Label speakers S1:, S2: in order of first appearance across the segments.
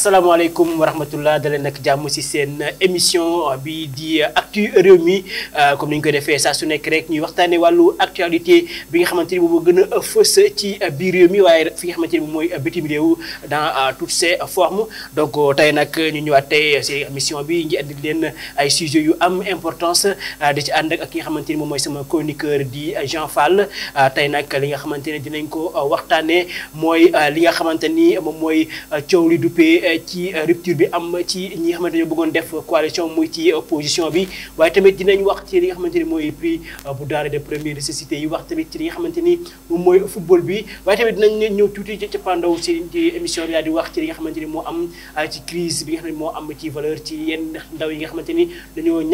S1: asalaamaaleykum wa rahmatullah daleen nag jàmm ci seen émission bi di actu réew mi euh, comme ni ñu koy defee saa su nekk rek ñuy waxtaanee wàllu actualité bi nga xamante ni moom gën a fës ci biir réew mi waaye fi nga xamante ni moom mooy bitim réew dans euh, toutes ses formes donc euh, tey nag ñu ñëwaat tey émission bi ngi andi leen ay sujets yu am importance di ci ànd ki nga xamante ni moom mooy sama chroniqueur di Jean Fall tey nag li nga xamante ne dinañ ko waxtaanee mooy li nga xamante ni moom mooy coow li duppee ci rupture bi am ci ñi nga xamante bëggoon def coalition muy ci position bi waaye tamit dinañ wax ci li nga xamante ni mooy prix euh, bu denrées wax tamit ci li nga xamante ni moom mooy football bi waaye tamit dinañ ñëw tuuti ci pandaw ci ci émission bi daal di wax ci li nga xamante ni moo euh, nga xam ne moo am ci valeur ci yenn ndaw yi nga xamante ni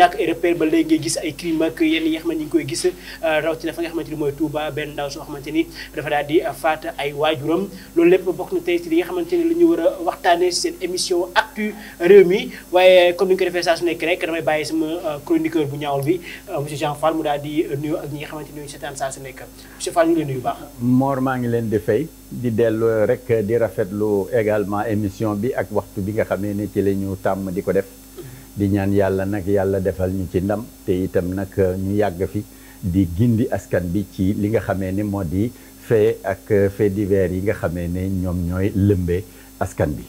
S1: ay repère ba léegi ngay yi nga xamante ni ngi koy gis euh, rawatina fa nga xamante ni mooy Touba benn ndaw soo xamante ni dafa daal di faat ay waajuram loolu lépp bokk na tey ci li nga xamante ni lu ñu war a waxtaanee seen émission actu réew mi waaye comme ni ñu ko defee saa su nekk rek damay bàyyi sama chroniqueur bu ñaawul bi euh, monsieur Jean Fall mu daal di nuyu ak ñi nga xamante ni ñooñu seetaan saa su nekk monsieur Fall ñu ngi leen nuyu baax.
S2: Mor maa ngi leen di fay di dellu rek di rafetlu également émission bi ak waxtu bi nga xamee ne ci la ñu tàmm di ko def. Mm-hmm. di ñaan yàlla nag yàlla defal ñu ci ndam te itam nag euh, ñu yàgg fi di gindi askan bi ci li nga xamee ne moo di fait ak euh, fait divers yi nga xamee ne ñoom ñooy lëmbe askan bi.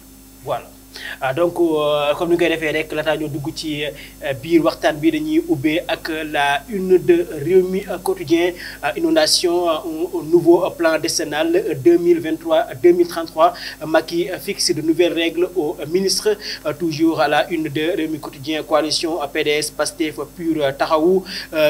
S1: Ah, donc euh, comme nu ñu koy defee rek laataa ñoo dugg ci euh, biir waxtaan bi dañuy ubbee ak la une de Rewmi Quotidien euh, inondation un nouveau plan décennal 2023 2033 Macky fixe de nouvelles règles aux ministre toujours à la une de Rewmi Quotidien coalition PDS PASTEF PUR Taxawu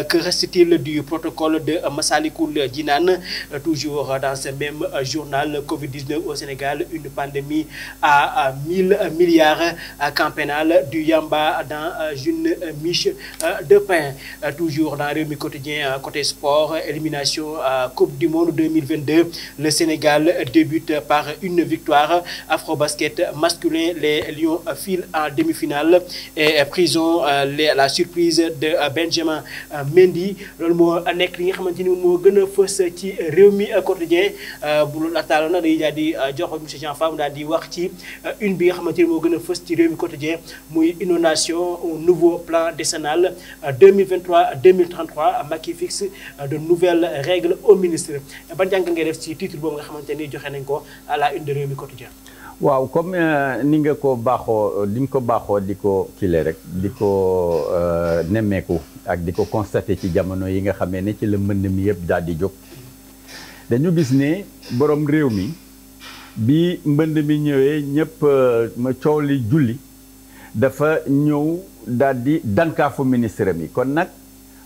S1: que reste-t-il du protocole de Massalikul Jinaan toujours dans ce même journal Covid-19 au Sénégal une pandémie à mille milliards à camp pénal du Yamba dans euh, une euh, miche euh, de pain. Toujours dans Rewmi Quotidien côté sport, élimination à Coupe du Monde 2022. Le Sénégal débute par une victoire. Afrobasket masculin, les Lions filent en demi-finale et prison la surprise de Benjamin Mendy loolu moo nekk li nga xamante ni moo gën a fës ci Rewmi Quotidien bu loolu la di jox monsieur Jean Fam daal wax ci une bi nga xamante moo gën a fës ci réew mi quotidien muy inondation un nouveau plan décennal 2023 euh, 2033 euh, Macky fixe euh, de nouvelles règles au ministre ban jàng ngay def ci titre boobu nga xamante ni joxe nañ ko à la une de réew mi quotidien
S2: waaw comme ni nga ko baaxoo di ko baaxoo di ko kile rek di ko nemmeeku ak di ko constaté ci jamono yi nga xamee ne ci la mbënn mi yëpp daal di jóg dañu gis ne borom réew mi bi mbënn mi ñëwee ñëpp euh, ma coow li julli dafa ñëw daal di dankaafu ministre mi kon nag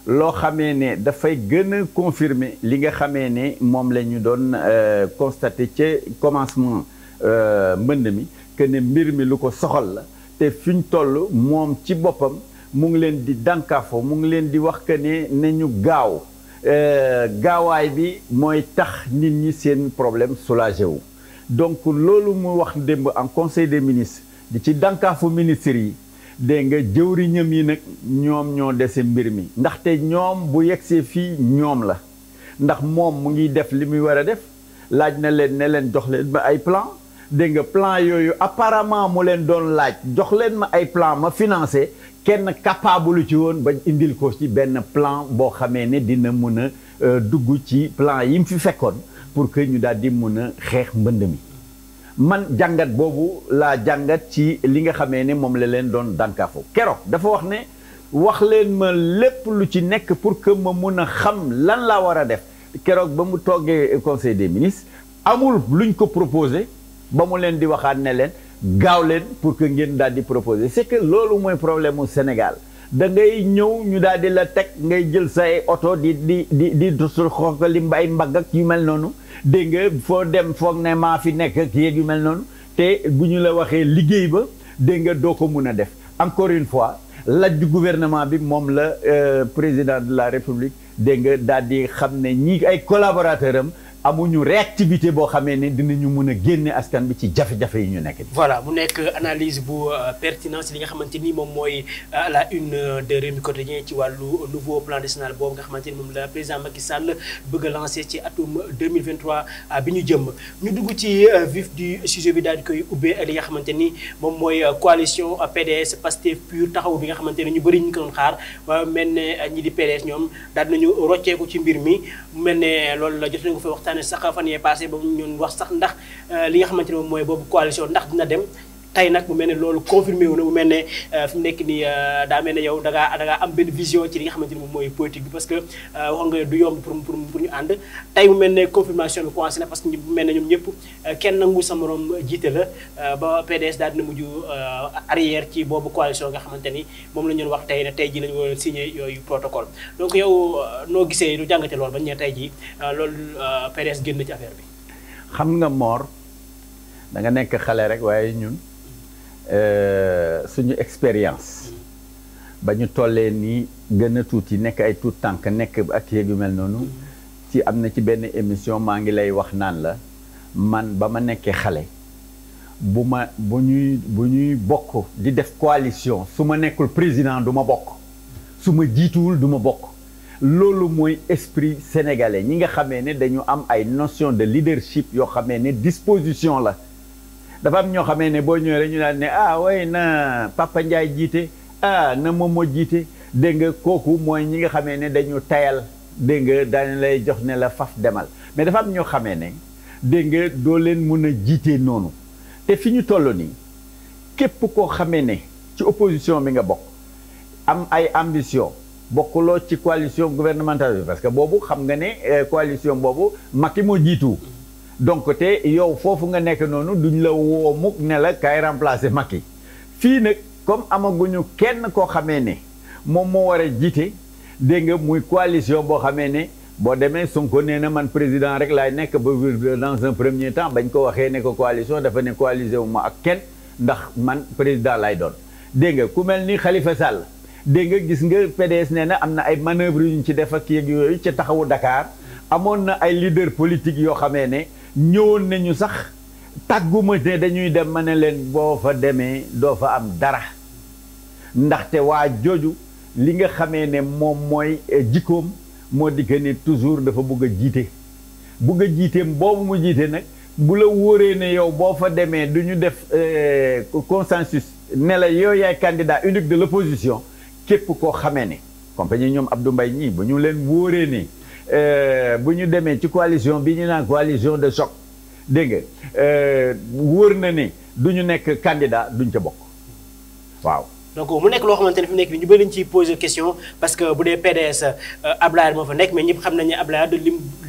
S2: loo xamee ne dafay gën a confirmer li nga xamee ne moom la ñu doon euh, constaté ca commencement euh, mbënd mi que ne mbir mi lu ko soxal la te fi ñu toll moom ci boppam mu ngi leen di dànkaafo mu ngi leen di wax que ne nañu gaaw gaawaay bi mooy tax nit ñi seen problème soulagé wu donc loolu mu wax démb am conseil des ministres di ci dànkaafu ministres yi dégg nga jëwriñam yi nag ñoom ñoo dese mbir mi ndaxte ñoom bu yegsee fii ñoom la ndax moom mu ngi def li muy war a def laaj na leen ne leen jox leen ma ay plan dégg nga plan yooyu apparemment mu leen doon laaj jox leen ma ay plan ma financé kenn capable ci woon ba indil ko ci benn plan boo xamee ni dina mën a euh, dugg ci plan yi mu fi fekkoon pour que ñu daal di mën a xeex mbënd mi man jàngat boobu laa jàngat ci li nga xamee ne moom la leen doon dànkaafoo keroog dafa wax ne wax leen ma lépp lu ci nekk pour que ma mun a xam lan laa war a def keroog ba mu toogee conseil des ministre amul lu luñ ko proposé ba mu leen di waxaat ne leen gaaw leen pour que ngeen daal di proposé c'est que loolu mooy problème mu Sénégal da ngay ñëw ñu daal di la teg ngay jël say oto di di di di dusul xooka li mbay mbagg ak yu mel noonu dégg nga foo dem foog ne maa fi nekk ak yéeg yu mel noonu te bu ñu la waxee liggéey ba dégg nga doo ko mun a def encore une fois laaj du gouvernement bi moom la euh, président de la république dégg nga daal di xam ne ñii ay collaborateur am amuñu réactivité boo xamee ne ñu mën a génne askan bi ci jafe-jafe yi ñu nekk. voilà
S1: mu nekk analyse bu euh, pertinence li nga xamante ni moom mooy euh, à la une euh, de Rewmi Quotidien ci wàllu nouveau plan décennal boobu nga xamante ni moom la président Macky Sall bëgg a lancer ci atum 2023 bi ñu jëm ñu dugg ci vif du sujet bi daal di koy li nga xamante ni moom mooy coalition PDS Pastef PUR taxaw bi nga xamante ne ñu bëri ñu ko doon xaar mel ne ñi di PDS ñoom daal nañu rocceeku ci mbir mi mel ne loolu la jot nañu ko waxtaan waxtaane sax fan yee passé wax sax ndax euh, li nga xamante ne moom mooy boobu coalition ndax dina dem tey nag mu mel ne loolu confirmé wu na mu mel ne euh, fi mu nekk nii euh, daa mel ne yow dangaa ngaa am benn vision ci li nga xamante ni moom mooy politique bi parce que euh, wax nga du yomb pour pour tey mu mel ne confirmation bi commencé que mu mel ne ñoom ñëpp kenn nangu sa morom jiite la ba PDS daal dina mujj arrière ci boobu coalition nga xamante ni moom la ñu wax tey ne tey ji la ñu war a signé yooyu protocole donc yow noo gisee lu jàngate loolu ba ñu ne tey jii loolu PDS génn ci affaire bi.
S2: xam nga moor da nga nekk xale rek waaye ñun. Euh, suñu expérience ba ñu tollee nii gën a tuuti nekk ay tuut tànk nekk ak yeeg yu mel noonu ci am na ci benn émission maa ngi lay wax naan la man ba ma nekkee xale bu ma bu ñuy bu ñuy bokk di def coalition su ma nekkul président du ma bokk su ma jiituwul du ma bokk loolu mooy esprit sénégalais ñi nga xamee ne dañu am ay notion de leadership yoo xamee ne disposition la dafa am ñoo xamee ne boo ñëwee rek ñu naan ne ah way na Papa Ndiaye jiite ah na Momo jiite dégg nga kooku mooy ñi nga xamee ne dañu tayal dégg nga daan lay jox ne la faf demal mais dafa am ñoo xamee ne dégg nga doo leen mun a jiite noonu te fi ñu toll nii képp koo xamee ne ci opposition bi nga bokk am ay ambition bokkuloo ci coalition gouvernementale bi parce que boobu xam nga ne euh, coalition boobu Macky moo jiitu. donc te yow foofu nga nekk noonu duñ la woo mukk ne la kaay remplacer Macky fii nag comme amaguñu kenn koo xamee ne moom moo war a dégg nga muy coalition boo xamee ne boo demee Sonko nee na man président rek laay nekk ba dans un premier temps bañ ko waxee ne ko coalition dafa ne coalisé wu ma ak kenn ndax man président lay doon dégg nga ku mel ni Khalifa Sall dégg nga gis nga PDS nee na am na ay manœuvre yu ñu ci def ak yéeg yooyu ci taxawu Dakar amoon na ay leader politique yoo xamee ne ñëwoon nañu sax tàgguma ne dañuy dem ma ne leen boo fa demee doo fa am dara ndaxte waa jooju li nga xamee ne moom mooy eh, jikkoom moo di que ne toujours dafa bëgg jiite bëgg jiiteem boobu mu jiite nag bu la wóoree ne yow boo fa demee du ñu def eh, consensus ne la yow yaay candidat unique de l'opposition képp koo xamee ne compagnie ñoom Abdou mbay ñii bu ñu leen wóoree ne Euh, bu ñu demee ci coalition bi ñu naan coalition de choc dégg nga euh, wóor na ni du ñu nekk candidat duñ ca bokk waaw.
S1: donc mu nekk loo xamante ne fi mu nekk nii ñu bëri ñu ci poser question parce que bu dee PDS euh, Ablaye moo fa nekk mais ñëpp xam nañu ne Ablaye lim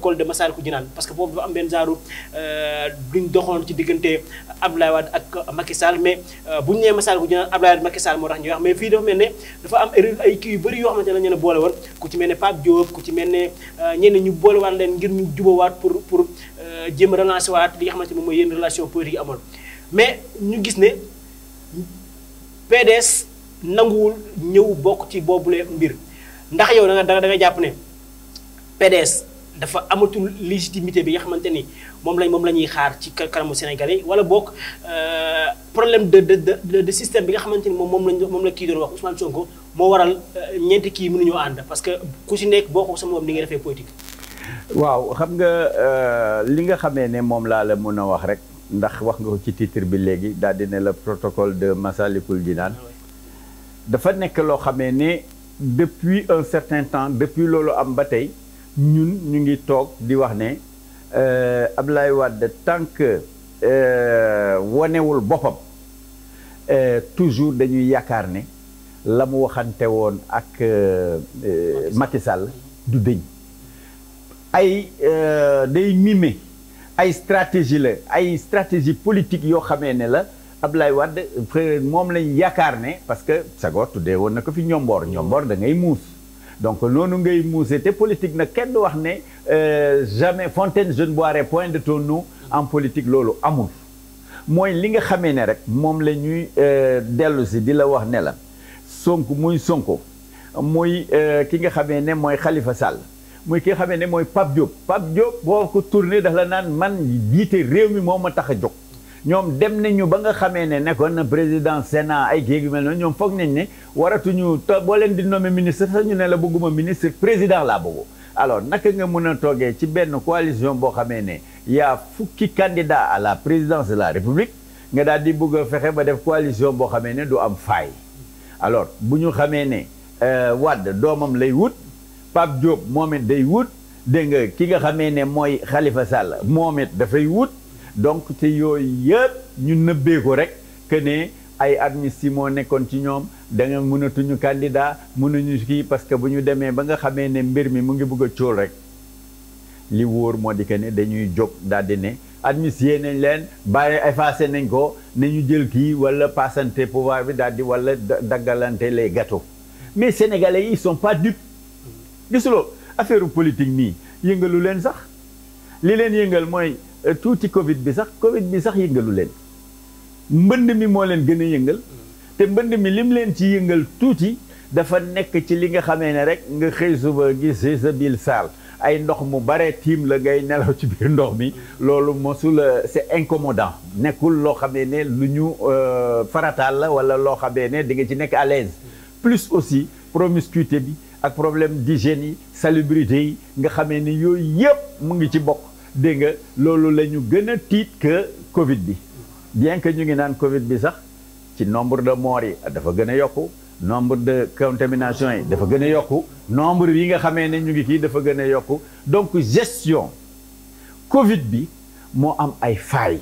S1: école de Massalikul Jinaan parce que foofu dafa am benn genre duñ euh, doxoon ci diggante Abdoulaye Wade ak Macky Sall mais euh, bu ñu nee Massalikul Jinaan Abdoulaye Wade Macky Sall moo tax ñuy wax mais fii dafa mel ne dafa am ay kii yu bëri yoo xamante ne ñu ne boole woon ku ci mel ne Pape Diop ku ci mel ne euh, ñenn ñu boolewaat leen ngir ñu waat pour pour jéem a relancer waat li nga xamante ne mooy yenn relation politique yi amoon mais ñu gis ne PDS nanguwul ñëw bokk ci boobule mbir ndax yow da nga jàpp ne dafa amatul légitimité bi nga xamante ni moom lañ moom la ñuy xaar ci kanamu Sénégalais wala boog euh, problème de de de de système bi nga xamante ni moom moom lañ moom la kii doon wax Ousmane Sonko moo waral euh, ñeenti kii mënuñoo ànd parce que ku si nekk boo ko sa moom ni nga defee politique.
S2: waaw xam nga euh, li nga xamee ne moom laa la mën a wax rek ndax wax nga ko ci titre bi léegi daal di ne la protocole de Massalikul Jinaan ah dafa nekk loo xamee ne depuis un certain temps depuis loolu am ba tey. ñun ñu ngi toog di wax ne euh, Abdoulaye wadd tant que euh, wonewul boppam euh, toujours dañuy yaakaar ne la mu waxante woon ak Macky Sall du dëñ ay day mime ay stratégie la ay stratégie politique yoo xamee ne la ab Ablaye Wade moom lañ yaakaar ne parce que Senghor tuddee woon na ko fi ñomboor ñomboor da ngay muus donc noonu ngay muuse te politique nag kenn wax ne euh, jamais fontaine jeune ne boirai point de ton nu en politique loolu amul mooy li nga xamee ne rek moom la ñuy euh, dellu si di la wax ne la Sonko muy Sonko muy euh, ki nga xamee ne mooy Khalifa Sall muy ki nga xamee ne mooy Pape Diop Pape Diop boo ko tourné daf la naan man jiite réew mi moom ma tax a jóg ñoom dem nañu ba nga xamee ne nekkoon na président Sénat ay kii yu mel noonu ñoom foog nañ ne waratuñu to boo leen di nommé ministre sax ñu ne la bëgguma ministre président laa bëggu alors naka nga mën a toogee ci benn coalition boo xamee ne yaa fukki candidat à la présidence de la république nga daal di bëgg a fexe ba def coalition boo xamee ne du am faay alors bu ñu xamee ne euh, wadd doomam lay wut Pape Diop moom day wut dégg nga ki nga xamee ne mooy Khalifa Sall moom dafay wut donc te yooyu yëpp ñu nëbbee ko rek que ne ay amnistie moo nekkoon ci ñoom da nga mënatuñu candidat mënuñu kii parce que bu ñu demee ba nga xamee ne mbir mi mu ngi bugg a cóol rek li wóor moo di que ne dañuy jóg daal di ne amnistier nañ leen bàyyi effacé nañ ko ñu jël kii wala passante pouvoir bi daal di wala daggalante les gato mais sénégalais yi ils sont pas dupes gisuloo affaire politique nii yëngalu leen sax li leen yëngal mooy Euh, tuuti Covid bi sax Covid bi sax yëngalu leen mbënd mi moo leen gën a yëngal. te mbënd mi lim leen ci yëngal tuuti dafa nekk ci li nga xame ne rek nga xëy suba gis sa biir saal ay ndox mu bare tiim la ngay nelaw ci biir ndox mi loolu mosul euh, c'est incommodant nekkul loo xamee ne lu ñu euh, farataal la wala loo xamee ne di nga ci nekk à l'aise plus aussi promiscuité bi ak problème d'hygiène yi salubrité yi nga xamee ni yooyu yëpp mu ngi ci bokk. dégg nga loolu la ñu gën a tiit que Covid bi bien que ñu ngi naan Covid bi sax ci nombre de morts yi dafa gën a yokku nombre de contamination yi dafa gën a yokku nombre yi nga xamee ne ñu ngi kii dafa gën a yokku donc gestion Covid bi moo am ay failles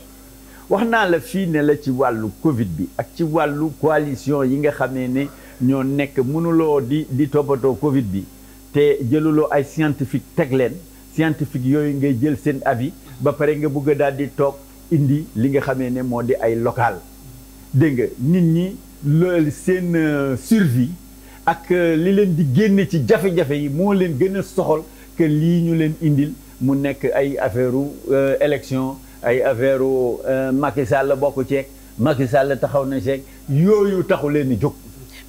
S2: wax naa la fii ne la ci wàllu Covid bi ak ci wàllu coalition yi nga xamee ne ñoo nekk mënuloo di di toppatoo Covid bi te jëluloo ay scientifique teg leen. scientifique yooyu ngay jël seen avis ba pare nga bëgg a daal di toog indi li nga xamee ne moo di ay local dégg nga nit ñi loolu seen euh, survie ak euh, li leen di génne ci jafe-jafe yi moo leen gën a soxal que lii ñu leen indil mu nekk ay affaire euh, élection ay affaire Macky Sall bokk ceeg Macky Sall taxaw na ceeg yooyu taxu leen di jóg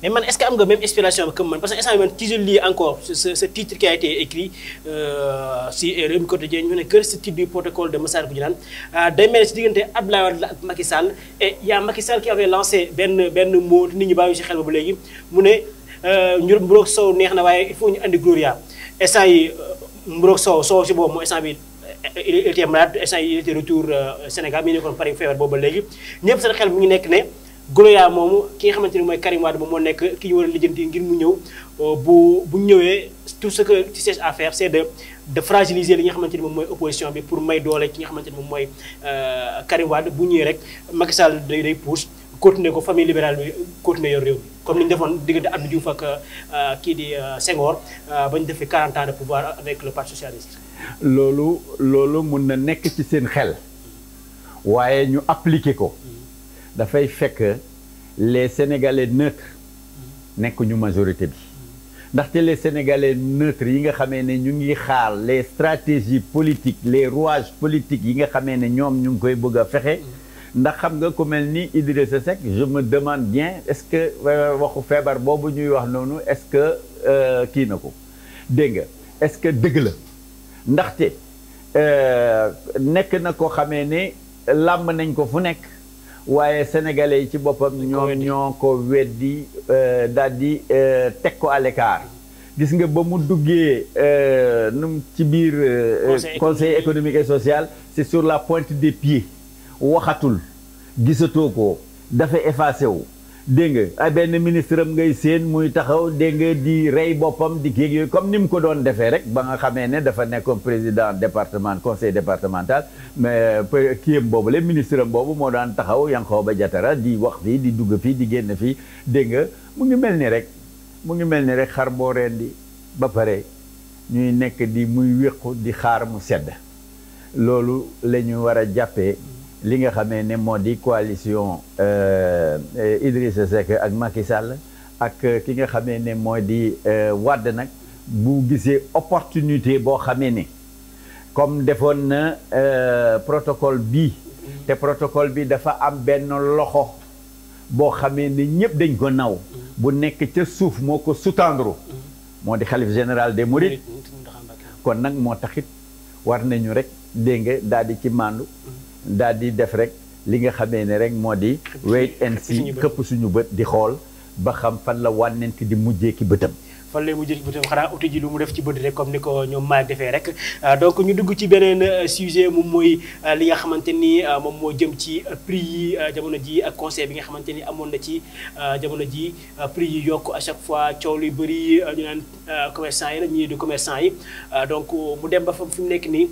S1: mais man est-ce que am nga même inspiration bi comme man parce que instant bi man ci je lis encore euh, si euh, Rewmi Quotidien ñu ne que ce titre du protocole de Massalikul Jinaan euh, day mel si diggante Abdoulaye Wade ak Macky Sall et y a Macky benn benn mot nit ñi bàyyi si xel boobu léegi mu ne njur mburoog soow neex na waaye il faut ñu andi gloria instant yi mburoog soow soow si boobu mooy instant bi il était malade instant yi il était retour Sénégal mi nekkoon Paris feebar boobu ñëpp seen xel mu ngi nekk ne Goloya moom ki nga xamante ni mooy Karim Wade ba moo nekk ki ñu war a lijjanti ngir mu ñëw euh, bu bu ñëwee tout sa que tu cherches c'est de de fragiliser li nga xamante ni moom mooy opposition bi pour may doole ki nga xamante ni moom mooy euh, Karim Wade bu ñëwee rek Macky Sall day day pousse continuer ko famille libérale bi continuer yor réew mi comme ni ñu defoon diggante Abdou Diouf ak euh, kii di Senghor ba ñu defee 40 ans de pouvoir avec le parti socialiste.
S2: loolu loolu mun na nekk ci seen xel waaye ñu appliquer ko. dafay fekk les sénégalais neutres nekk ñu majorité bi ndaxte les sénégalais neutres yi nga xamee ne ñu ngi xaal les stratégies politique les rouages politiques yi nga xamee ne ñoom ñu ngi koy bëgg a fexe ndax xam nga ko mel ni sa sec je me demande bien est-ce que euh, waxu feebar boobu ñuy wax noonu est-ce que euh, kii na ko dégg nga est-ce que dëgg la ndaxte euh, nekk na ko xamee ne làmb nañ ko fu nekk waaye sénégalais yi ci boppam ñoom ñoo ko weddi euh, daal di euh, teg ko à l'écart gis nga ba mu duggee euh, num ci biir conseil économique et social c'est sur la pointe des pieds waxatul gisatoo ko dafa effacé wu dégg nga ay ah, benn ministre am ngay séen muy taxaw dégg nga di rey boppam di kii yooyu comme ni mu ko doon defee rek ba nga xamee ne dafa nekkoon président département conseil départemental mais euh, kii am boobu le ministre am boobu moo daan taxaw Yankhoba Diattara di wax fii di dugg fii di génn fii dégg nga mu ngi mel ni rek mu ngi mel ni rek xar boo reen di ba pare ñuy nekk di muy wéqu di xaar mu sedd loolu la ñu war a jàppee li nga xamee ne moo di coalition euh, euh, Idrissa Seck ak Macky ak euh, ki nga xamee ne moo di Wade nag bu gisee opportunité boo xamee ne comme defoon na protocole bi te protocole bi dafa am benn loxo boo xamee ne ñëpp dañ ko naw bu nekk ca suuf moo ko sutandru moo di xalif général des Mourides kon nag moo taxit war nañu rek dégg nga daal di ci màndu daal di def rek li nga xamee ne rek moo di wait and see këpp suñu bët di xool ba xam fan la wànnent di mujjee ki bëtam
S1: fan lay mujjee bëtam xanaa uti mu def ci bët rek comme ni ko ñoom maag defee rek euh, donc ñu dugg ci beneen euh, sujet moom mooy euh, li nga xamante ni moom moo jëm ci prix yi jamono ji ak conseil bi nga xamante ni amoon na ci jamono ji prix yi yokk à chaque fois coow lu bëri ñu naan commerçant yi la ñuy du commerçant yi donc mu dem ba fa fi mu nekk nii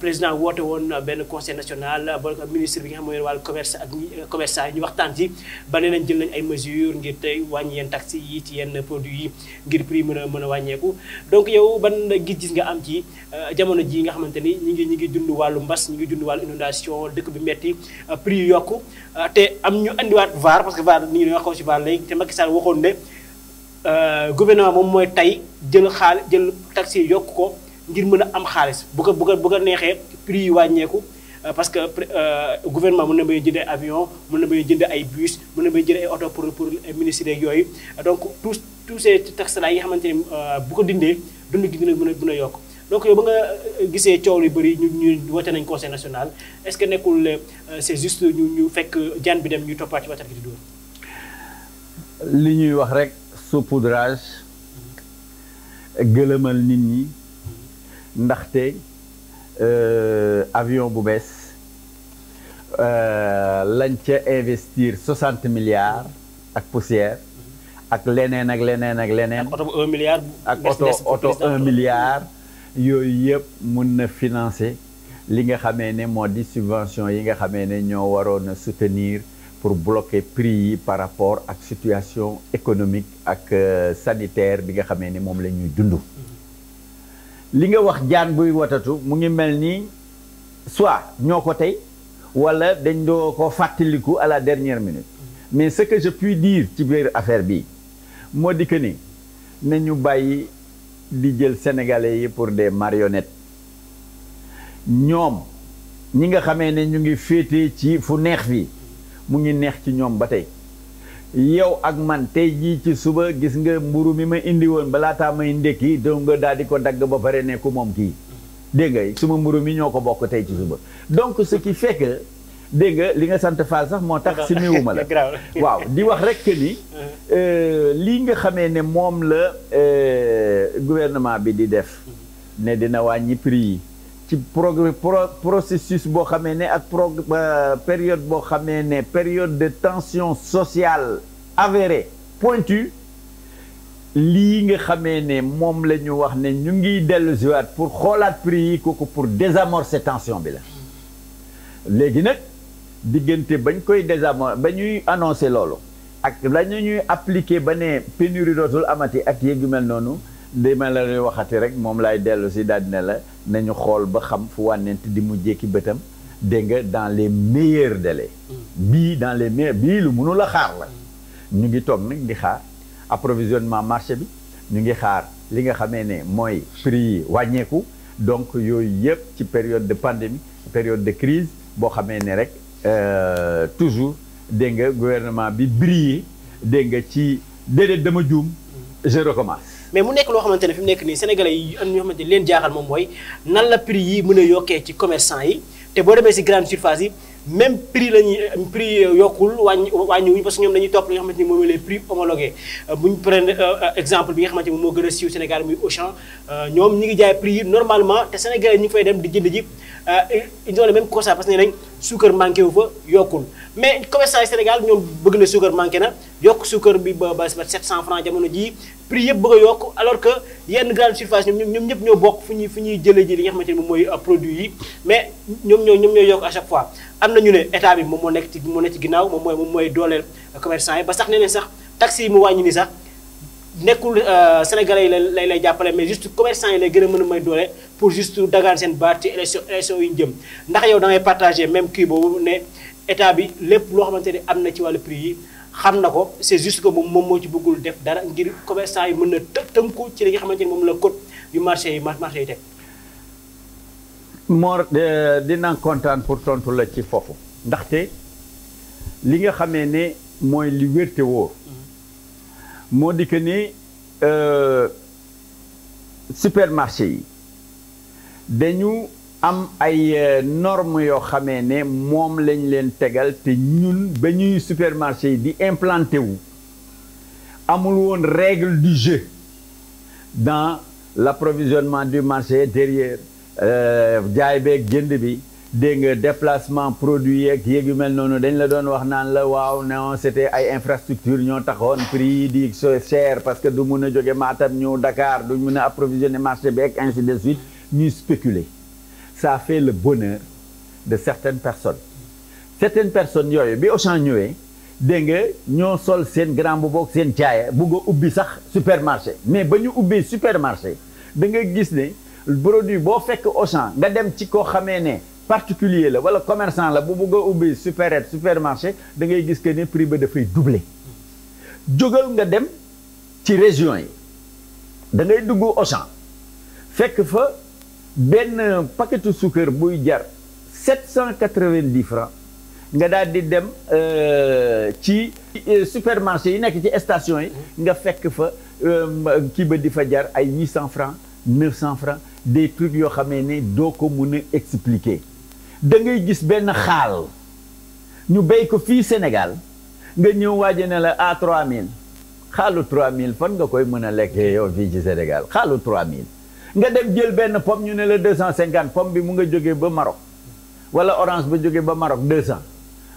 S1: président woote woon benn conseil national ba ministre bi nga xam mooy wàllu commerce ak commerçant yi ñu waxtaan ji ba nee nañ jël nañ ay mesures ngir tey wàññi yenn taxes ci yenn produits yi ngir prix mën a mën a wàññeeku donc yow ban gis-gis nga am ci euh, jamono jii nga xamante ni ñi ngi ñu ngi dund wàllu mbas ñi ngi dund wàllu inondation dëkk bi metti euh, prix yu yokku euh, te am ñu andiwaat VAR parce que VAR ni ngi ko si VAR léegi te Macky Sall waxoon ne gouvernement moom mooy tey jël xaal jël taxi yokk ko ngir mën a am xaalis bu ko bu ko bu ko neexee prix yi wàññeeku Euh, parce que euh, gouvernement mën na bay jëndee avion mën na bay jënd ay bus mën na bay jënd ay oto pour pour ministre yeeg yooyu donc tous tous ces taxes là yi nga xamante ni euh, bu ko dindee dund gi dina mën a mën yokk donc yow ba nga gisee coow lu bëri ñu ñu wote nañ conseil national est ce que nekkul c' est juste ñu ñu fekk jaan bi dem ñuy toppaat ci waxtaan gi di
S2: dóor li ñuy wax rek saupoudrage gëlëmal nit ñi ndaxte avion bu bees Euh, lañ ca investir soixante milliards ak poussière ak leneen ak leneen ak leneen. ak oto ak oto oto un milliard. yooyu yëpp mun na financer li nga xamee ne moo di subvention yi nga xame ne ñoo waroon a soutenir pour bloquer prix yi par rapport ak situation économique ak euh, sanitaire bi nga xamee ni moom la ñuy dund. Mm-hmm. li nga wax jaan buy watatu mu ngi mel ni soit ñoo ko tey. wala dañ doo ko fàttaliku à la dernière minute mais ce que je puis dire ci biir affaire bi moo di que ni ñu bàyyi di jël sénégalais yi pour de marionnettes ñoom ñi nga xamee ne ñu ngi féete ci fu neex fii mu ngi neex ci ñoom ba tey yow ak man tey jii ci suba gis nga mburu mi ma indi woon balaataa may ndekki donc nga daal ko dagg ba pare ne ku moom kii dégg nga suma mburu mi ñoo ko bokk tey ci suba donc ce qui fait que dégg nga li nga sant Fall sax moo tax si miwuma la waaw di wax rek ni euh, lii nga xamee ne moom la euh, gouvernement bi di def ne dina wàññi prix yi ci progr processus boo xamee ne ak pro euh, période boo xamee ne période de tension sociale avérée pointue lii nga xamee ne moom la ñu wax ne ñu ngi dellu siwaat pour xoolaat prix yi kooku pour désamorcer tension bi la léegi nag diggante bañ koy désamorcer ba ñuy annoncé loolu ak la ñu ñuy appliqué ba ne pénurie dootul amati ak yéeg yu mel noonu dama la ñuy waxati rek moom laay dellu si daal dina la nañu xool ba xam fu wànnent di mu jékki bëtam dégg nga dans le meilleurs délais mm. bii dans les meilleurs bii lu mënul a xaar la mm. ñu ngi toog nag di xaar approvisionnement marché bi ñu ngi xaar li nga xamee ne mooy prix wàññeeku donc yooyu yëpp ci période de pandémie période de crise boo xamee ne rek euh, toujours dégg nga gouvernement bi briller dégg nga ci déedéet dama juum je recommence
S1: mais mu nekk loo xamante ne fi mu nekk nii sénégalais yi am ñoo xamante ne leen jaaxal moom mooy nan la prix yi mën yokkee ci commerçant yi te boo demee si grande surface yi même prix la ñuy prix yokkul wàññi wàññiwuñu parce que ñoom dañuy topp li nga xamante ni moom les prix homologués euh, bu ñu prendre euh, euh, exemple bi nga xamante ni moo gën a siiw Sénégal muy Auchan ñoom ñi ngi jaay prix yi normalement te Sénégal yi ñu ngi fay dem di jënd ji ils ont le même constat manqué wu fa yokkul mais commerçant yi Sénégal ñoom bëgg na suukar manqué na yokk suukar bi ba ba cent francs jamono jii prix yëpp bëgg a yokk alors que yenn grande surface ñoom ñoom ñëpp ñoo bokk fu ñuy fu ñuy jëlee ji li nga xamante ne moom mooy euh, produit yi mais ñoom ñoo ñoom ñooy yokk à chaque fois am na ñu ne état bi moom moo nekk ci moo nekk ci ginnaaw moom mooy moom mooy dooleel euh, commerçant yi ba sax nee nañ sax taxes yi mu wàññi ni sax nekkul euh, sénégalais yi lay lay jàppale mais juste commerçant yi lay gën a mën a may doole pour juste dagaan seen baat ci élection élection yi ñu jëm ndax yow da ngay partagé même kii boobu ne état bi lépp loo xamante ne am na ci wàllu prix yi xam na ko c'est juste que moom moom moo ci bëggul def dara ngir commerçant yi mën na të tënku ci li nga xamante ni moom la code yu marché yi marché yi teg.
S2: Mor euh, dinaa pour tontu la ci foofu ndaxte li nga xamee ne mooy li moo di que ni euh, supermarché yi dañu. am ay euh, normes yoo xamee ne moom lañ leen tegal te ñun ba ñuy supermarché yi di implanté wu amul woon règle du jeu dans l'approvisionnement du marché intérieur euh, jaay beeg jënd bi dégg nga déplacement produit yeeg yéeg yu mel noonu dañ la doon wax naan la waaw non c'était ay infrastructure ñoo taxoon prix yi di cher parce que du mun a jóge Matam ñëw Dakar du mun a approvisionner marché bi ak ainsi de suite ñuy spéculer ça fait le bonheur de certaines personnes certaines personnes yooyu bi Auchan ñëwee dégg nga ñoo sol seen grand boubou ak seen caaya bugg ubbi sax supermarché mais ba ñu ubbee supermarché da nga gis ne produit boo fekk Auchan nga dem ci koo xamee ne particulier la wala commerçant la bu bugg a ubbi supérette supermarché da ngay gis que ne prix ba dafay doubler jógal nga dem ci région yi da dugg Auchan fekk fa benn paquetu suukar buy jar sept cent quatre-vingt-dix francs nga daal di dem euh, ci euh, supermarché yi nekk ci station yi nga fekk fa euh, kii ba di fa jar ay huit cent francs cent francs des yoo xamee ne doo ko mun a expliquer da ngay gis benn xaal ñu béy ko fii Sénégal nga ñëw waaje ne la à ah, trois mille xaalu trois mille fan nga koy mën a lekkee yow fii ci Sénégal xaalu trois mille nga dem jël benn pomme ñu ne la deux cent cinquante pomme bi mu nga jógee ba Maroc wala orange ba jógee ba Maroc deux cent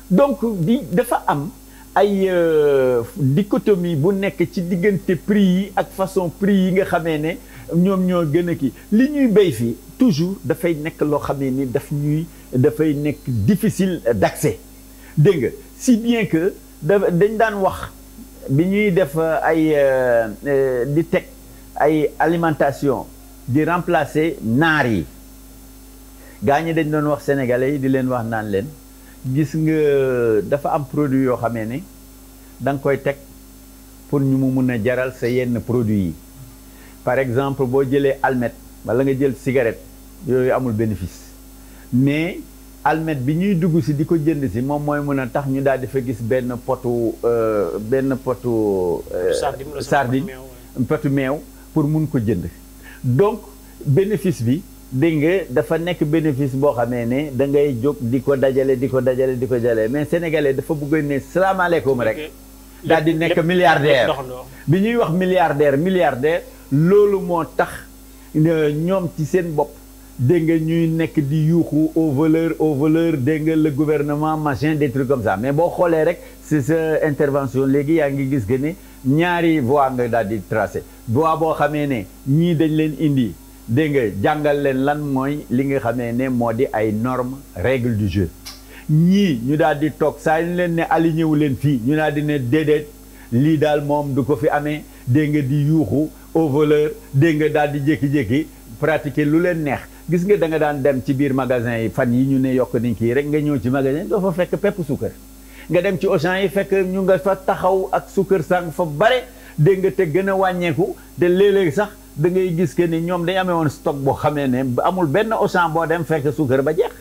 S2: donc di dafa am ay euh, dichotomie bu nekk ci diggante prix yi ak façon prix yi nga xamee ne ñoom ñoo gën a kii li ñuy béy fii toujours dafay nekk loo xamee ni daf ñuy dafay nekk difficile d'accès dégg nga si bien que dañ daan wax bi ñuy def ay euh, euh, di teg ay alimentation di remplacer naar yi gaa ñi dañ doon wax sénégalais yi di leen wax naan leen gis nga dafa am produit yoo xamee ne da nga koy teg pour ñu mu mun a jaral sa yenn produit yi par exemple boo jëlee almet wala nga jël cigarette yooyu amul bénéfice mais almet bi ñuy dugg si di ko jënd si moom mooy mën a tax ñu daal di fa gis benn potu euh, benn potu euh, sardine potu meew pour mun ko jënd donc bénéfice bi dégg nga dafa nekk bénéfice boo xamee ne da ngay jóg di ko dajale di ko dajale di ko dajale mais sénégalais dafa bëgg ne salaamaaleykum rek. daal di nekk milliardaire bi ñuy wax milliardaire milliardaire loolu moo tax ñoom ci seen bopp dégg nga ñuy nekk di yuuxu au voleur au voleur dégg nga le gouvernement machin des trucs comme ça mais boo xoolee rek c'est sa intervention léegi yaa ngi gis que ni ñaari voie nga daal di tracé droit boo xamee ne ñii dañ leen indi dégg nga jàngal leen lan mooy li nga xamee ne moo di ay normes règles du jeu ñii ñu daal di toog saa ñu leen ne aligné wu leen fii ñu daal di ne déedéet lii daal moom du ko fi amee dégg nga di yuuxu au voleur dégg nga daal di jékki-jékki pratiquer lu leen neex gis nga da nga daan dem ci biir magasin yi fan yi ñu ne yokk nañ kii rek nga ñëw ci magasin doo fa fekk pepp suukar nga dem ci Auchan yi fekk ñu nga fa taxaw ak suukar sang fa bare dégg nga te gën a wàññeeku de léeg sax da ngay gis que ni ñoom dañ amee woon stock boo xamee ne amul benn Auchan boo dem fekk suukar ba jeex.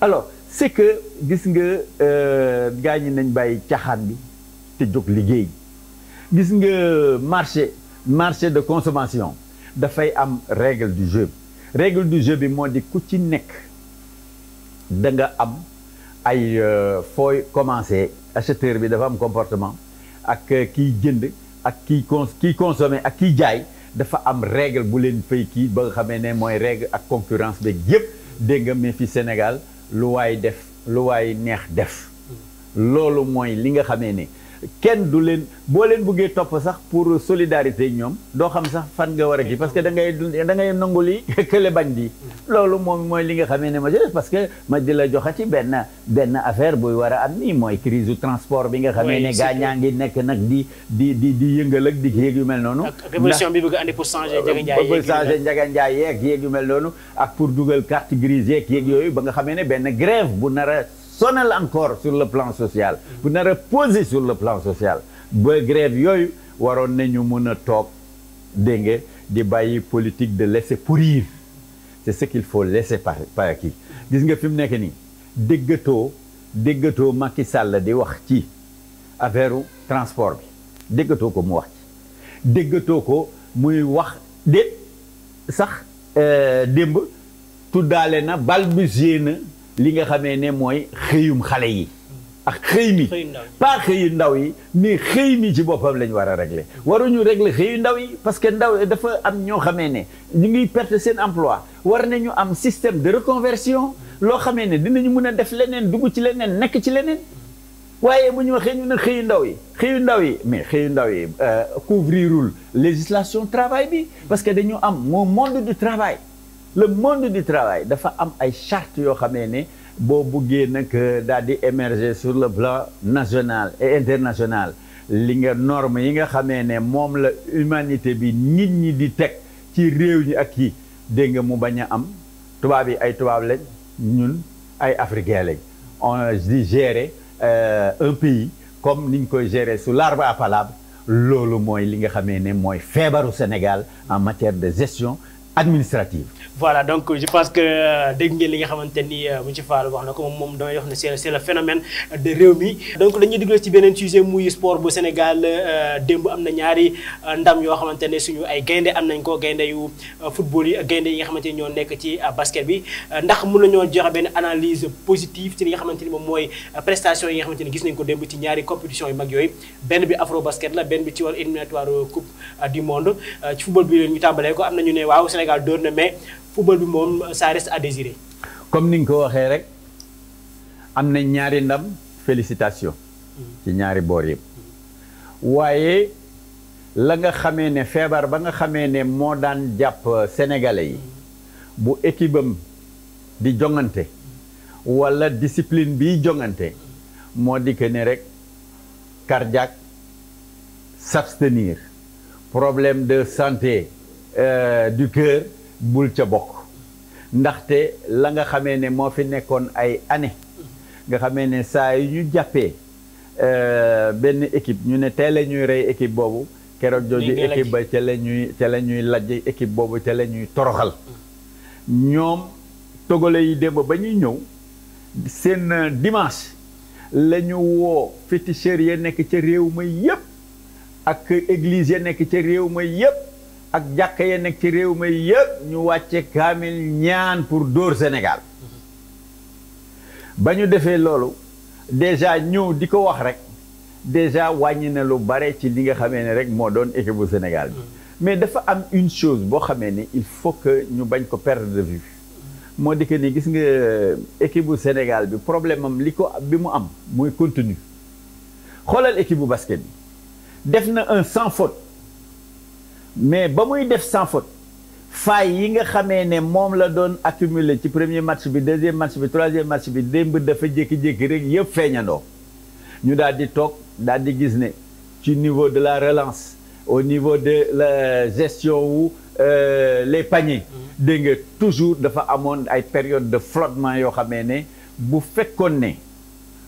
S2: alors c'est que gis nga euh, gaa ñi nañ bàyyi caaxaan bi te jóg liggéey gis nga marché marché de consommation dafay am règle du jeu bi moo di ku ci nekk da am ay euh, fooy commencer acheteur bi dafa am comportement. ak euh, kiy jënd ak kiy con kiy consommé ak kiy jaay dafa am règle bu leen fay kii ba nga xamee ne mooy règle ak concurrence beeg yépp dégg nga fi senegal lu waay def lu waay neex def mm. loolu mooy li nga xame ne kenn du leen boo leen buggee topp sax pour solidarité ñoom doo xam sax fan nga war a kii parce que da ngay da ngay nangu li kële bañ di loolu moom mooy li nga xamee ne ma jël parce que ma di la joxe ci benn benn affaire buy war a am nii mooy crise du transport bi nga xamee ne gaa ñaa ngi nekk nag di di di di yëngal ak di yéeg yu mel noonu révolution
S1: bi bëgg andi pour changer
S2: njaga njaay yeeg yéeg yu mel noonu ak pour dugal carte grise yeeg yéeg yooyu ba nga xamee ne benn grève sonal encore sur le plan social bu nar a sur le plan social ba grève yooyu waroon na ñu mën a toog dégg nga di bàyyi politique de laisser pourrir c'est ce qu'il faut laisser par par kii gis nga fi mu nekk nii déggatoo déggatoo Macky Sall di wax ci affaire transport bi déggatoo ko mu wax ci déggatoo ko muy wax de sax euh, démb tuddaale na balbutier na li nga xamee ne mooy xëyum xale yi ak xëy mi pas ndaw yi mais xëy mi ci boppam lañ war a ñu waruñu régler xëyu ndaw yi parce que ndaw dafa am ñoo xamee ne ñu ngi perte seen emploi war nañu am système de reconversion loo xamee ne dinañu mun a def leneen dugg ci leneen nekk ci leneen waaye bu ñu waxee ñu ne xëyu ndaw yi xëyu ndaw yi mais xëyu ndaw yi euh, couvrirul législation travail bi parce que dañu am mon monde du travail le monde du travail dafa am ay charte yoo xamee ne boo buggee nag euh, daal di émerger sur le plan national et internationale li nga norme yi nga xamee ne moom la humanité bi nit ñi di teg ci réew ñi ak yi dégg nga mu bañ a am tubaab yi ay tubaab lañ ñun ay africain lañ on di gérer euh, un pays comme niñ koy gérer su l'arbre à palabre loolu mooy li nga xamee ne mooy feebaru Sénégal en matière de gestion administrative.
S1: voilà donc je pense que euh, dégg ngeen li nga xamante ni euh, monsieur Fall wax na ko moom moom damay wax ne c'est c'est le de réew mi. donc dañuy dugg ci beneen sujet muy sport bu Sénégal euh, démb am na ñaari ndam yoo xamante ne suñu ay gaynde am nañ ko gaynde yu football yi ak gaynde yi nga xamante ni ñoo nekk ci basket bi ndax mën nañoo joxe benn analyse positive ci li nga xamante ni moom mooy prestation yi nga xamante gis nañ ko démb ci ñaari compétition yu mag yooyu benn bi afro basket la benn bi ci wàllu éliminatoire coupe am nañu Sénégal dóor na mais football bi moom ça reste à désirer.
S2: comme ni nga ko waxee rek am na ñaari ndam félicitation. ci ñaari boor yëpp. waaye la nga xamee ne feebar ba nga xamee ne moo daan jàpp sénégalais yi bu équipe di jongante wala discipline bi jongante moo di que rek cardiaque s'abstenir problème de santé Euh, du cœur bul ca bokk ndaxte la nga xamee ne moo fi nekkoon ay années nga xame ne saa yu ñu jàppee euh, benn équipe ñu ne teel a ñuy rey équipe boobu keroog jooju équipe ba ca la ñuy ca ñuy lajj équipe boobu ca la ñuy toroxal ñoom togale yi démb ba ñuy ñëw seen euh, dimanche la ñu woo féticheurs ya nekk ca réew ma yépp ak église ya nekk ca réew ma yépp ak jàkka ya nekk ci réew ma yëpp ñu wàcce kaamil ñaan pour dóor Sénégal ba ñu defee loolu déjà ñëw di ko wax rek déjà wàññi na lu bare ci li nga xame ne rek moo doon équipe Sénégal bi mais dafa am une chose boo xamee ni il faut que ñu bañ ko perdre de vue moo di que ni gis nga euh, équipe bu Sénégal bi problème am li ko bi mu am mooy contenu xoolal équipe bu basket bi def na un sans faute mais ba muy def sans faute faay yi nga xamee ne moom la doon accumuler ci premier match bi deuxième match bi troisième match bi démb dafa jékki-jékki rek yëpp feeñandoo ñu daal di toog daal di gis ne ci niveau de la relance au niveau de la gestion wu euh, les paniers. Mm-hmm. dégg nga toujours dafa amoon ay période de flottement yoo xamee ne bu fekkoon ne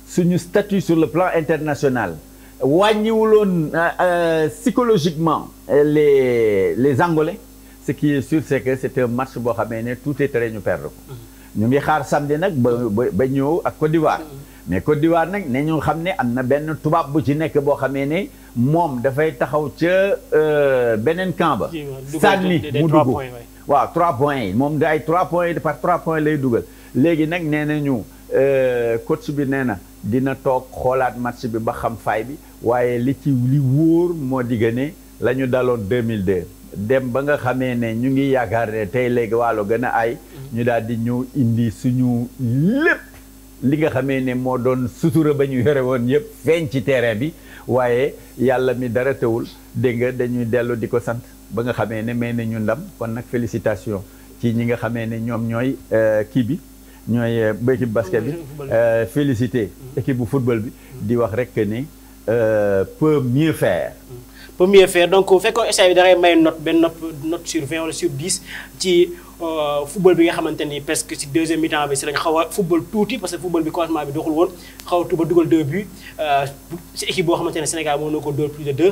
S2: suñu statut sur le plan international wàññiwuloon euh, euh, psychologiquement euh, les les Angolais ce qui est sur c'est que c'est un match boo xamee ne tout es prêt ñu perdre ko mm-hmm. ñu ngi xaar samedi nag ba ba ñëw ak Côte d'Ivoire mm-hmm. mais Côte d'Ivoire nag ne ñu xam ne am na benn tubaab bu ci nekk boo xamee ne moom dafay taxaw ca beneen camp ba sànni mu dugg waaw trois points yi moom da ay trois points yi par trois points lay dugal léegi nag nee nañu coach bi nee na dina toog xoolaat match bi ba xam faay bi waaye li ci li wóor moo digga ne la ñu daloon 2002 dem ba nga xamee ne ñu ngi yaakaar ne tey léegi waalo gën a ay ñu daal di ñëw indi suñu lépp li nga xamee ne moo doon sutura ba ñu yore woon yëpp feeñ ci terrain bi waaye yàlla mi dara tewul dégg nga dañuy dellu di ko sant ba nga xamee ne may nañu ndam kon nag félicitation ci ñi nga xamee ne ñoom ñooy euh, kii bi ñooy euh, équipe basket bi euh, félicité mm-hmm. équipe bu football bi di wax rek ni euh, peut mieux faire.
S1: peut faire donc bu fekkoon essai bi da may note benn note note sur 20 wala sur 10 ci. Euh, football bi nga xamante ni presque ci deuxième mi-temps bi ci lañ xaw a football tuuti parce que football bi commencement bi doxul woon xaw a tuba dugal deux buts euh, ci équipe de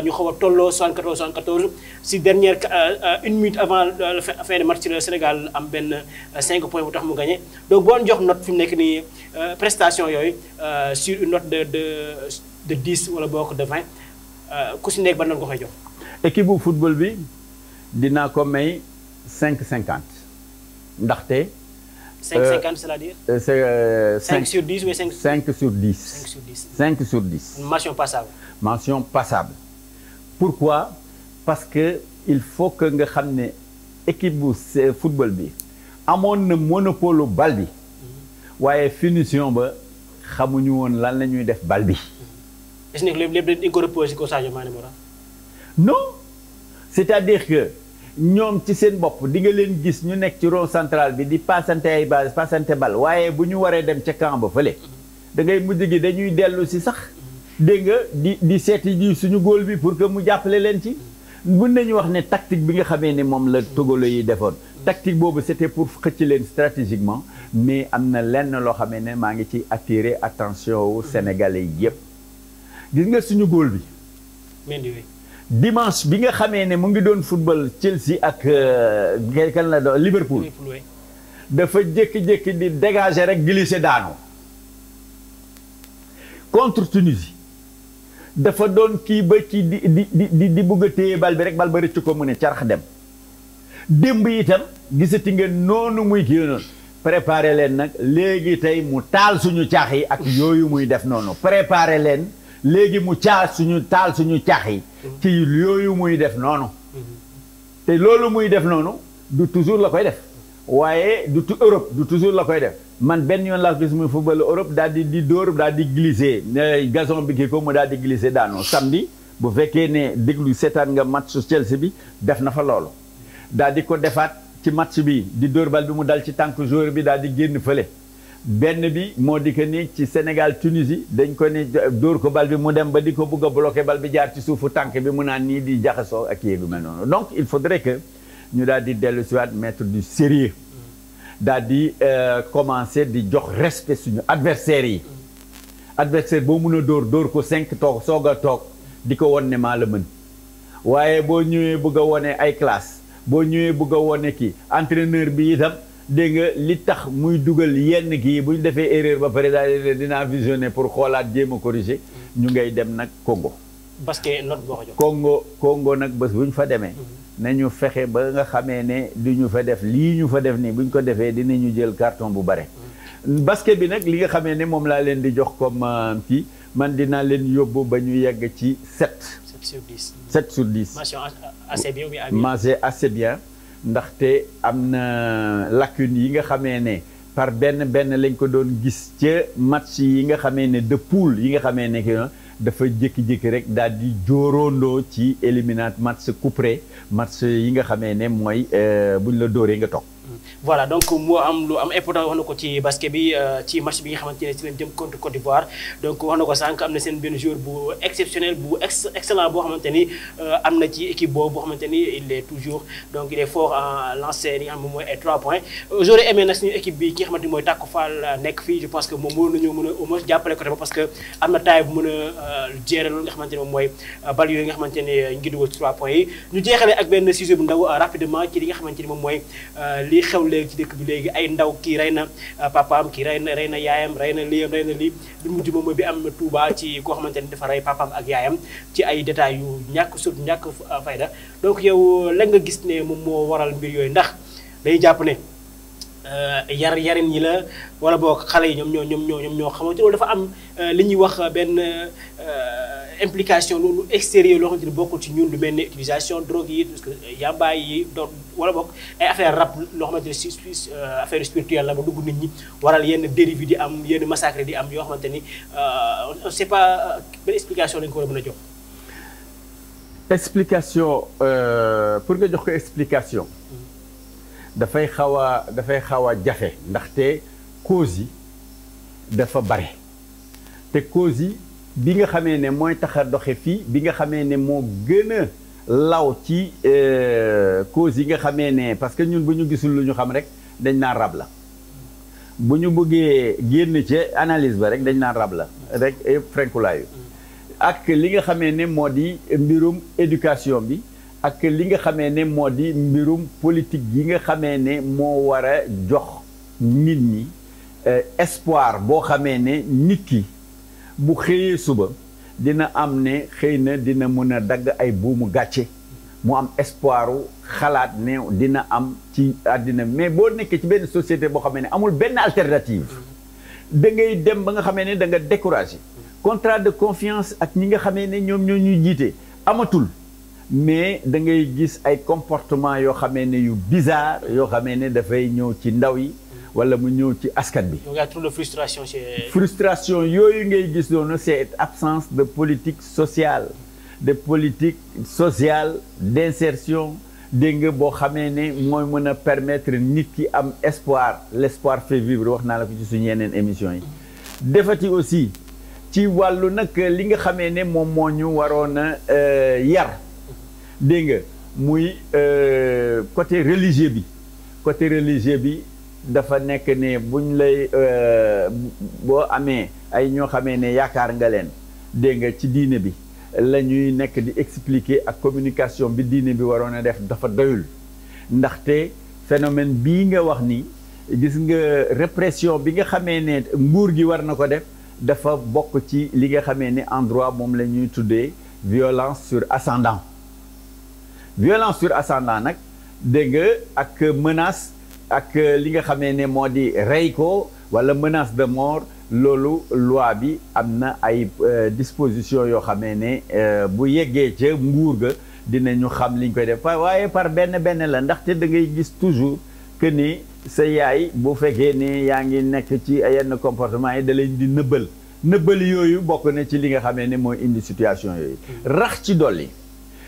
S1: bi a tolloo 74 ci dernière euh, une minute am benn 5 points bu tax mu gagné jox note nekk nii prestation yooyu sur une de de de 10 wala bokk ko koy jox.
S2: équipe bu football bi. dinaa ko may cinq cinquante ndaxte.
S1: cinq euh, cinquante euh,
S2: cest euh, cinq dix ou cinq. cinq sur dix. cinq sur dix. cinq sur dix. mention passable. pourquoi parce que il faut que nga xam ne équipe bu football bi amoon na monopole bal bi mm-hmm. waaye finition ba xamuñu woon lan la ñuy def bal bi. est-ce
S1: mm-hmm. que lépp lépp ko reposé ko Sadio
S2: non c'est-à-dire que. ñoom ci seen bopp di nga leen gis ñu nekk ci rond centrale bi di passante ay base passante bal waaye bu ñu waree dem ca camp ba fële da ngay mujj gi dañuy dellu si sax dégg nga di di seeti ji suñu góol bi pour que mu jàppale leen ci mën nañu wax ne tactique bi nga xamee ni moom la togolo yi defoon tactique boobu c'était pour xëcc leen stratégiquement mais am na lenn loo xamee ne maa ngi ci attirer attention wu sénégalais yëpp gis nga suñu góol bi dimanche bi nga xamee ne mu ngi doon football Chelsea ak euh, kan la doon Liverpool. dafa jékki-jékki di dégager rek glisser daanu. contre Tunisie dafa doon kii ba ci di di di di bugg téye bal bi rek bal ba ko mu ne carax dem démb itam gisati nga noonu muy kii noonu leen nag léegi tey mu taal suñu caax yi ak yooyu muy def noonu préparé leen. léegi mu caa suñu taal suñu caax yi mm-hmm. ci yooyu muy def noonu
S1: mm-hmm.
S2: te loolu muy def noonu du toujours la koy def waaye du tou Europe du toujours la koy def man benn yoon la gis muy football Europe daal di di dóor daal di glissé gazon bi kii ko mu daal di glissé daanu samedi bu fekkee ne déglu seetaan nga match su Chelsea bi def na fa loolu daal di ko defaat ci match bi di dóor bal bi mu dal ci tànk joueur bi daal di génn fële benn bi moo di que nii ci Sénégal Tunisie dañ ko ne dóor ko bal bi mu dem ba di ko bëgg a bloqué bal bi jaar ci suufu tànk bi mu naa nii di jaxasoo ak yéegu mel noonu donc il faudrait que ñu daal di dellu si waat mettre du sérieux daal di euh, commencer di jox respect suñu adversaires yi adversaire boo mun a dóor dóor ko cinq toog soog a toog di ko won ne maa la mën waaye boo ñëwee bugga a wone ay classe boo ñëwee bugga wone kii entraîneur bi itam dégg nga li tax muy dugal yenn kii bu defee erreur ba pare daal dinaa visionné pour xoolaat jéema a ñu ngay dem nag Congo.
S1: parce que note
S2: boo ko nag bés bu fa demee. Mm-hmm. nañu fexe ba nga xamee ne du ñu fa def lii ñu fa def nii buñ ko defee dinañu jël carton bu bare. Mm-hmm. basket bi nag li nga xamee ne moom laa leen di jox comme euh, kii man dinaa leen yóbbu ba ñu yegg ci 7. 7 sur 10. 7 sur 10.
S1: macha assez bien.
S2: assez bien. ndaxte am na lacune yi nga xamee ne par benn benn lañ ko doon gis ca match yi nga xamee ne de yi nga xamee ne que dafa jékki-jékki rek daal di jóorondoo ci éliminat match couperé match yi nga xamee ne mooy bu euh, buñ la dóoree nga toog
S1: voilà donc moo am lu am important wax na ko ci basket bi euh, ci match bi nga xamante ne ci leen jëm contre Côte d'Ivoire donc wax na ko sànq am na seen benn joueur bu exceptionnel bu excellent boo xamante ni euh, na ci équipe boobu boo ni il est toujours donc il est fort en lancer mooy ay 3 points. j'aurais aimé nga xamante euh, nekk fii je pense que moom mënoon nañoo mën a au moins jàppale côté bu moom mooy bal yooyu nga xamante ne ñu ngi dugal ci 3 points yi ñu jeexalee ak benn sujet bu ndaw rapidement ci li nga xamante ni moom mooy li. xew léegi ci dëkk bi léegi ay ndaw kii rey na euh, papaam kii rey na rey na yaayam rey na liyam na lii bi mujj moom bi am Touba ci koo xamante ni dafa rey papaam ak yaayam ci ay détails yu ñàkk sut ñàkk euh, fayda donc yow euh, la nga gis ne moom moo waral mbir yooyu ndax day jàpp ne yar yarin yi la wala boog xale yi ñoom ñoo ñoom ñoo ñoom ñoo xamante loolu dafa am li ñuy wax benn implication loolu extérieur loo xamante ni bokkul ci ñun lu mel ne utilisation drogue yi parce que euh, yàmbaay yi donc wala bokk ay affaire rab loo xamante ni si euh, affaire spirituelle la ba dugg nit ñi waral yenn dérive di am yenn massacre di am yoo xamante ni euh, on pas benn explication lañ ko war a mën
S2: a pour nga jox ko explication. Mm-hmm. dafay xaw a dafay xaw a jafe ndaxte causes yi dafa bare te causes yi. bi nga xamee ne mooy tax doxe fii bi nga xamee ne moo gën a law ci euh, cause yi nga xamee ne parce que ñun bu ñu gisul lu ñu xam rek dañ naan rab la bu ñu bëggee génn ci analyse ba rek dañ naan rab la rek eh, frenkulaayu ak li nga xamee ne moo di mbirum éducation bi ak li nga xamee ne moo di mbirum politique yi nga xamee ne moo war a jox nit ñi euh, espoir boo xamee ne nit ki bu xëyee suba dina am ne xëy na dina mën a dagg ay buumu gàcce mu am espoir xalaat ne dina am ci àddina mais boo nekkee ci benn société boo xamee ne amul benn alternative da ngay dem ba nga xamee ne da nga découragé contrat de confiance ak ñi nga xamee ne ñoom ñoo ñuy jiite amatul mais da ngay gis ay comportement yoo xamee ne yu bizarre yoo xamee ne dafay ñëw ci ndaw yi wala mu ñëw ci askan bi.
S1: donc y
S2: frustration yooyu ngay gis noonu c'est absence de politique sociale de politique sociale d'insertion dégg nga boo xamee ne mooy mën a permettre nit ki am espoir l'espoir fait vivre wax naa la ko ci suñu yeneen émission yi. defati aussi ci wàllu nag li nga xamee ne moom moo ñu waroon a euh, yar dégg nga muy euh, côté religieux bi côté religieux bi. dafa nekk ne buñ lay euh, boo amee ay ñoo xamee ne yaakaar nga leen dégg nga ci diine bi la ñuy nekk di expliquer ak communication bi diine bi waroon a def dafa doyul ndaxte phénomène bii nga wax ni gis nga répression bi nga xamee ne nguur gi war na ko def dafa bokk ci li nga xamee ne en moom la ñuy tuddee violence sur ascendant violence sur ascendant nag dégg ak menace ak euh, li nga xamee ne moo di rey ko wala menace de mort loolu loi bi am na ay euh, disposition yoo xamee ne euh, bu yeggee ca nguur ga ñu xam liñ koy def waaye par benn benn la ndaxte da ngay gis toujours que sa yaay bu fekkee ni yaa ngi nekk ci yenn comportement yi da di nëbbal nëbbal yooyu bokk na ci li nga xamee ne mooy indi situation yooyu mm. rax ci dolli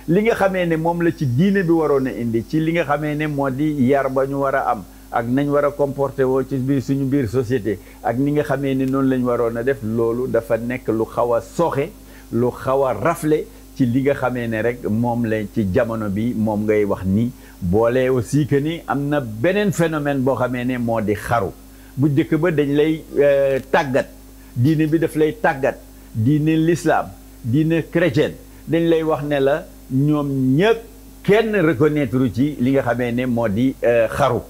S2: li nga xame ne moom la ci diine bi waroon a indi ci li nga xamee ne moo di yar ba ñu war a am ak nañ war a comporter woo ci biir suñu biir société ak ni nga xamee ni noonu lañ waroon a def loolu dafa nekk lu xaw a soxe lu xaw a rafle ci li nga xame ne rek moom lañ ci jamono bi moom ngay wax ni boole aussi que ni am na beneen phénomène boo xamee ne moo di xaru bu njëkk ba dañ lay euh, tàggat diine bi daf lay tàggat diine l'islam diine chrétienne dañ lay wax ne la ñoom ñëpp kenn reconnaître ci li nga xamee ne moo di euh, xaru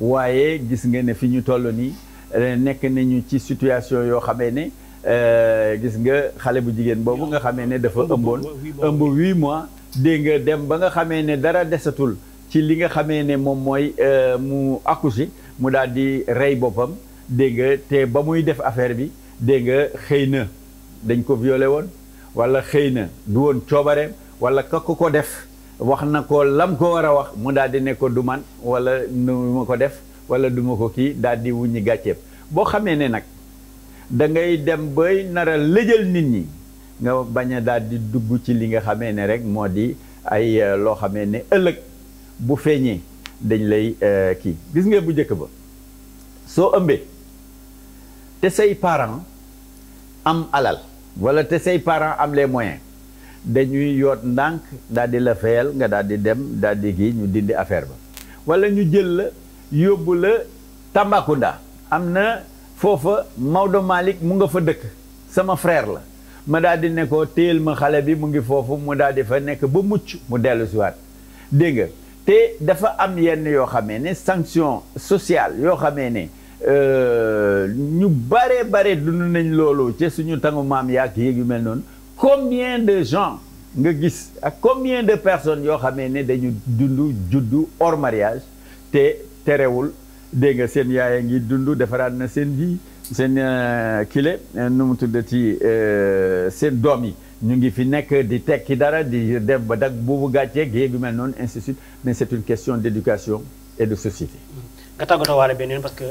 S2: waaye gis nga ne fi ñu toll nii eh, nekk nañu ci situation yoo xamee ne eh, gis nga xale bu jigéen boobu nga xamee ne dafa ëmboon ëmb huit mois dégg nga dem ba nga xamee ne dara desatul ci li nga xamee ne moom mooy eh, mu accouché mu daal di rey boppam dégg nga te ba muy def affaire bi dégg nga xëy na dañ ko violé woon wala xëy na du woon coobareem wala kakk ko def wax na ko lam ko war a wax mu daal di ne ko du man wala du ko def wala duma ko kii daal di wuññi gàcceeb boo xamee ne nag da ngay dem bay nar a lëjal nit ñi nga bañ a daal di dugg ci li nga xamee ne rek moo di ay eh, loo xamee ne ëllëg bu feeñee dañ lay eh, kii gis nga bu njëkk ba soo ëmbee te say parents am alal walla te say parent am les moyens dañuy yoot ndànk daal di la fayal nga daal di dem daal di kii ñu dindi affaire ba wala ñu jël la yóbbu la Tambacounda am na foofa Maodo Malick mu nga fa dëkk sama frair la ma daal di ne ko ma xale bi mu ngi foofu mu daal di fa nekk ba mucc mu dellu siwaat dégg nga te dafa am yenn yoo xamee ne sanction sociale yoo xamee ne euh, ñu bare bare dund nañ loolu ci suñu tangu maam yaak yéeg yu mel noonu combien de gens nga gis ak combien de personnes yoo xamee ne dañu dund juddu hors mariage te terewul dégg nga seen yaay a ngi dund defaraat na seen vie seen euh, kile nu mu tuddati euh, seen doom yi ñu ngi fi nekk di tekki dara di def ba dag boobu gàccee géeg yu mel noonu ainsi de suite mais c'est une question d'éducation et de société.
S1: nga tàggatoo waale beneen parce que.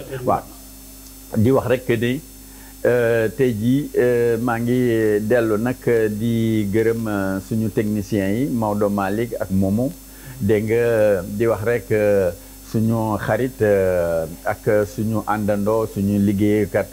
S2: di wax rek ni. Euh, tey jii euh, maa ngi dellu nag euh, di gërëm suñu techniciens yi Maodo Malick ak moomu dégg nga di wax rek suñu xarit ak suñu àndandoo suñu liggéeykat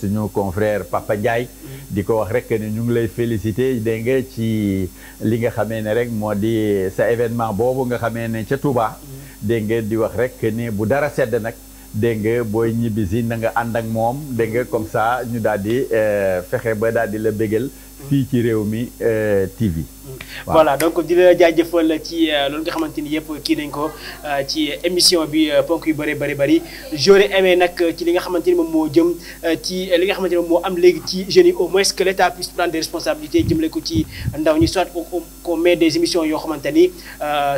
S2: suñu confrère Papa Ndiaye di ko wax rek ne ñu ngi lay féliciter dégg nga ci li nga xamee ne rek moo di sa événement boobu nga xamee ne ca Touba dégg di wax rek ni bu dara sedd nag. dégg nga booy ñibbisi na nga ànd ak moom dégg nga comme ça ñu daal di euh, fexe ba daal di la bégal fii ci réew mi euh, TV
S1: voilà donc di la jaajëfal ci euh, loolu nga xamante ni yëpp kii nañ ko euh, ci émission bi euh, ponk yu bëri bëri bëri j'aurais aimé nag ci li nga xamante ni moom moo jëm ci li nga xamante moo am léegi ci jeunes yi au moins que l' état puisse prendre des ko ci ndaw ñi soit qu'on met des émissions yoo xamante ni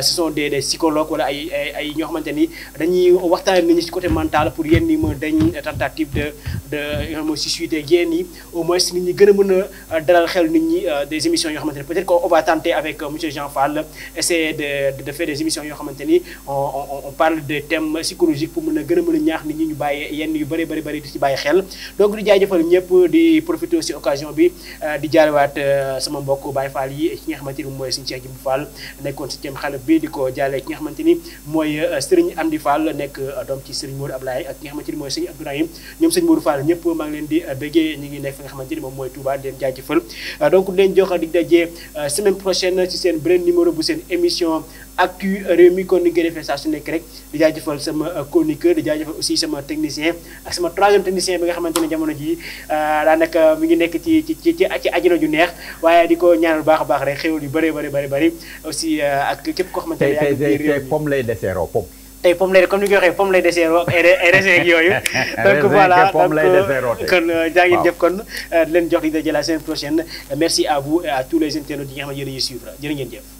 S1: ce sont des des psychologues wala ñoo xamante ni dañuy waxtaan nañu ci côté mental pour yenn ñi mën dañ tentative de de yoo xam mooy suicide yi au moins nit ñi gën a mën a dalal xel nit ñi des émissions yoo xamante ni peut-être va tenter avec euh, monsieur Jean Fall essayer de de des émissions yoo xamante ni on parle de thèmes psychologiques pour mën a gën a mën a ñaax nit ñu bàyyi yenn yu bëri bëri bëri di ci bàyyi xel donc di jaajëfal ñëpp di profiter aussi euh, di jaalewaat euh, sama yi ki nga xamante ni mooy di ko jaale ki nga xamante ni mooy Serigne di béggee ñu ngi nekk fi nga xamante ni moom mooy Touba di leen jaajëfal donc di leen jox semaine na ci seen beneen numéro bu seen émission actu réew mi kon ni nga defee saa su nekk rek di jaajëfal sama chroniqueur di jaajëfal aussi sama technicien ak sama troisième technicien bi nga xamante ne jamono ji euh, daanaka mi ngi nekk ci ci ci ci ajina ju neex waaye di ko ñaanal baax a baax rek xéwal yu bëree bëri bëri bari aussi euh, ak képp koo xamante ne yaa ngi. tey
S2: tey lay deseeroo pomme.
S1: tey eh, pomme lay comme ni nga ko waxee pomme lay dessert wax ay raisin yooyu. donc voilà donc euh, kon euh, jaa jëf kon euh, leen jox li daje la semaine prochaine merci à vous et à tous les internautes yi nga xam ne yéen a ngi suivre jërë ngeen jëf.